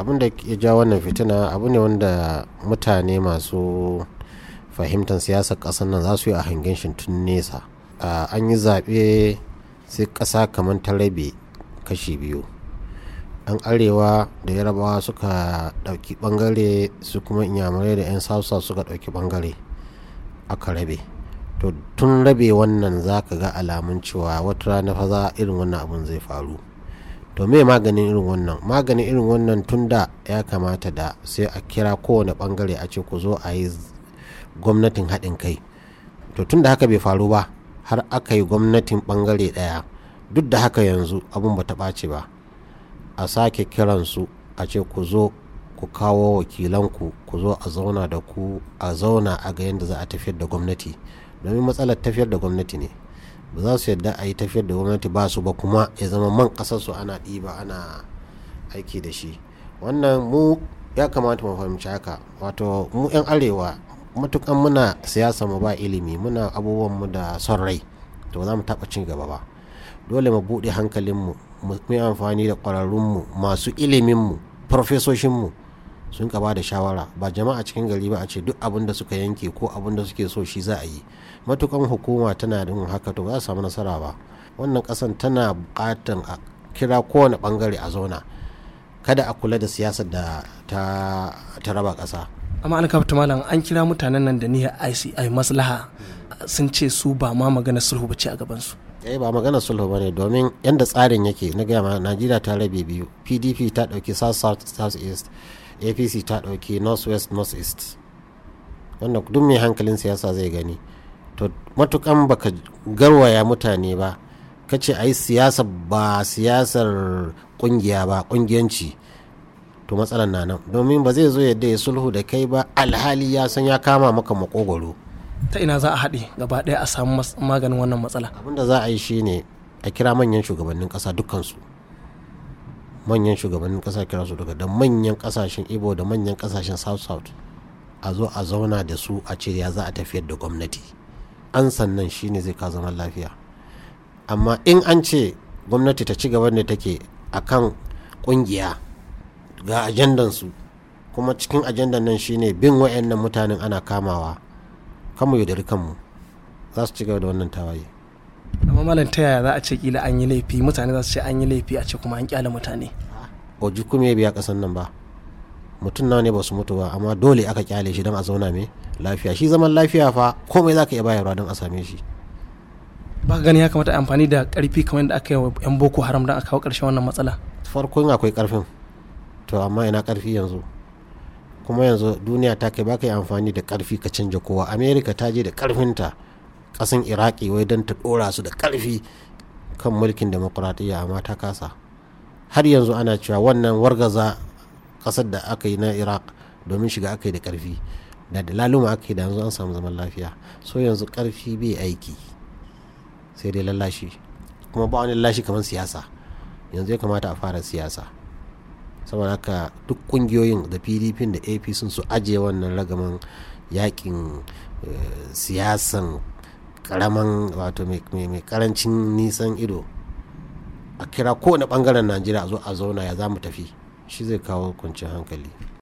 abin da ya ja wannan fitina abu ne wanda mutane masu fahimtar siyasar ƙasar nan za su yi a hangen shi tun nesa an yi zaɓe sai ƙasa kamar ta rabe kashi biyu yan arewa da yarabawa suka ɗauki ɓangare su kuma inyamurai da 'yan sausa suka ɗauki ɓangare aka rabe to tun rabe wannan za ka ga alamun cewa wata rana fa za irin wannan abin zai faru to me maganin irin wannan maganin irin wannan tunda ya kamata da sai a kira kowane bangare a ce ku zo a yi gwamnatin haɗin kai to tunda haka bai faru ba har aka yi gwamnatin bangare ɗaya duk da haka yanzu abun ba ta ɓace ba a sake kiransu a ce ku zo ku kawo wakilanku ku zo a zauna da ku a zauna a ga yadda za a tafiyar da gwamnati domin matsalar tafiyar da gwamnati ne ba za su yadda a yi tafiyar da gwamnati ba su ba kuma ya zama man ƙasar su ana ɗiba ana aiki da shi wannan mu ya kamata mu fahimci haka wato mu 'yan arewa matukan muna siyasa mu ba ilimi muna abubuwan mu da son rai to za mu taɓa cin gaba ba dole mu buɗe hankalin mu yi amfani da mu masu ilimin mu iliminmu mu. sun ka da shawara ba jama'a cikin gari ba a ce duk abin da suka yanke ko abin da suke so shi za a yi matukan hukuma tana da haka to ba za samu nasara ba wannan kasan tana bukatan a kira kowane bangare a zauna kada a kula da siyasar da ta raba kasa amma alkafta malam an kira mutanen nan da niyyar ICI maslaha sun ce su ba ma magana sulhu ba ce a su. eh ba magana sulhu ba ne domin yadda tsarin yake na gaya ma najeriya ta rabe biyu pdp ta dauki south south east apc ta ɗauki north east wanda duk mai hankalin siyasa zai gani to matukan baka garwaya mutane ba kace a yi siyasa ba siyasar kungiya ba kungiyanci to matsalar na nan domin ba zai zo yadda ya sulhu da kai ba alhali ya san ya kama maka maƙogwaro. ta ina za a haɗe gaba ɗaya a samu maganin wannan matsala abin da za a yi ne a kira manyan shugabannin ƙasa dukkansu manyan shugabannin kasa kira su daga da manyan kasashen ibo da manyan kasashen south south a zo a zauna da su a ce ya za a tafiyar da gwamnati an sannan shine zai ka zaman lafiya amma in an ce gwamnati ta ci gaba da take a kan kungiya ga ajandansu kuma cikin ajandan nan shine bin wayannan mutanen ana kamawa kanmu yaudari kanmu za su ci gaba da wannan tawaye kuma malam ta yaya za a ce kila an yi laifi mutane za su ce an yi laifi a ce kuma an kyale mutane kuma ya biya kasan nan ba mutum nawa ne ba su mutu ba amma dole aka kyale shi don a zauna me lafiya shi zaman lafiya fa komai za ka iya bayarwa don a same shi ba gani ya kamata amfani da karfi kamar da aka yi wa yan boko haram don a kawo karshen wannan matsala farkon akwai karfin to amma ina karfi yanzu kuma yanzu duniya ta kai baka yi amfani da karfi ka canja kowa america ta je da karfinta kasan iraki wai don ta dora su da karfi kan mulkin demokuraɗiyya amma ta kasa har yanzu ana cewa wannan wargaza kasar da aka yi na iraq domin shiga aka yi da karfi da dalaluma aka yi da yanzu an samu zaman lafiya so yanzu karfi bai aiki sai dai lallashi kuma ba wani lallashi kamar siyasa yanzu ya kamata a fara siyasa saboda haka duk kungiyoyin da pdp da ap sun su ajiye wannan ragaman yakin eh, siyasan karaman wato mai karancin nisan ido a kira kowane bangaren najeriya a zo a zauna ya za mu tafi shi zai kawo kwanciyar hankali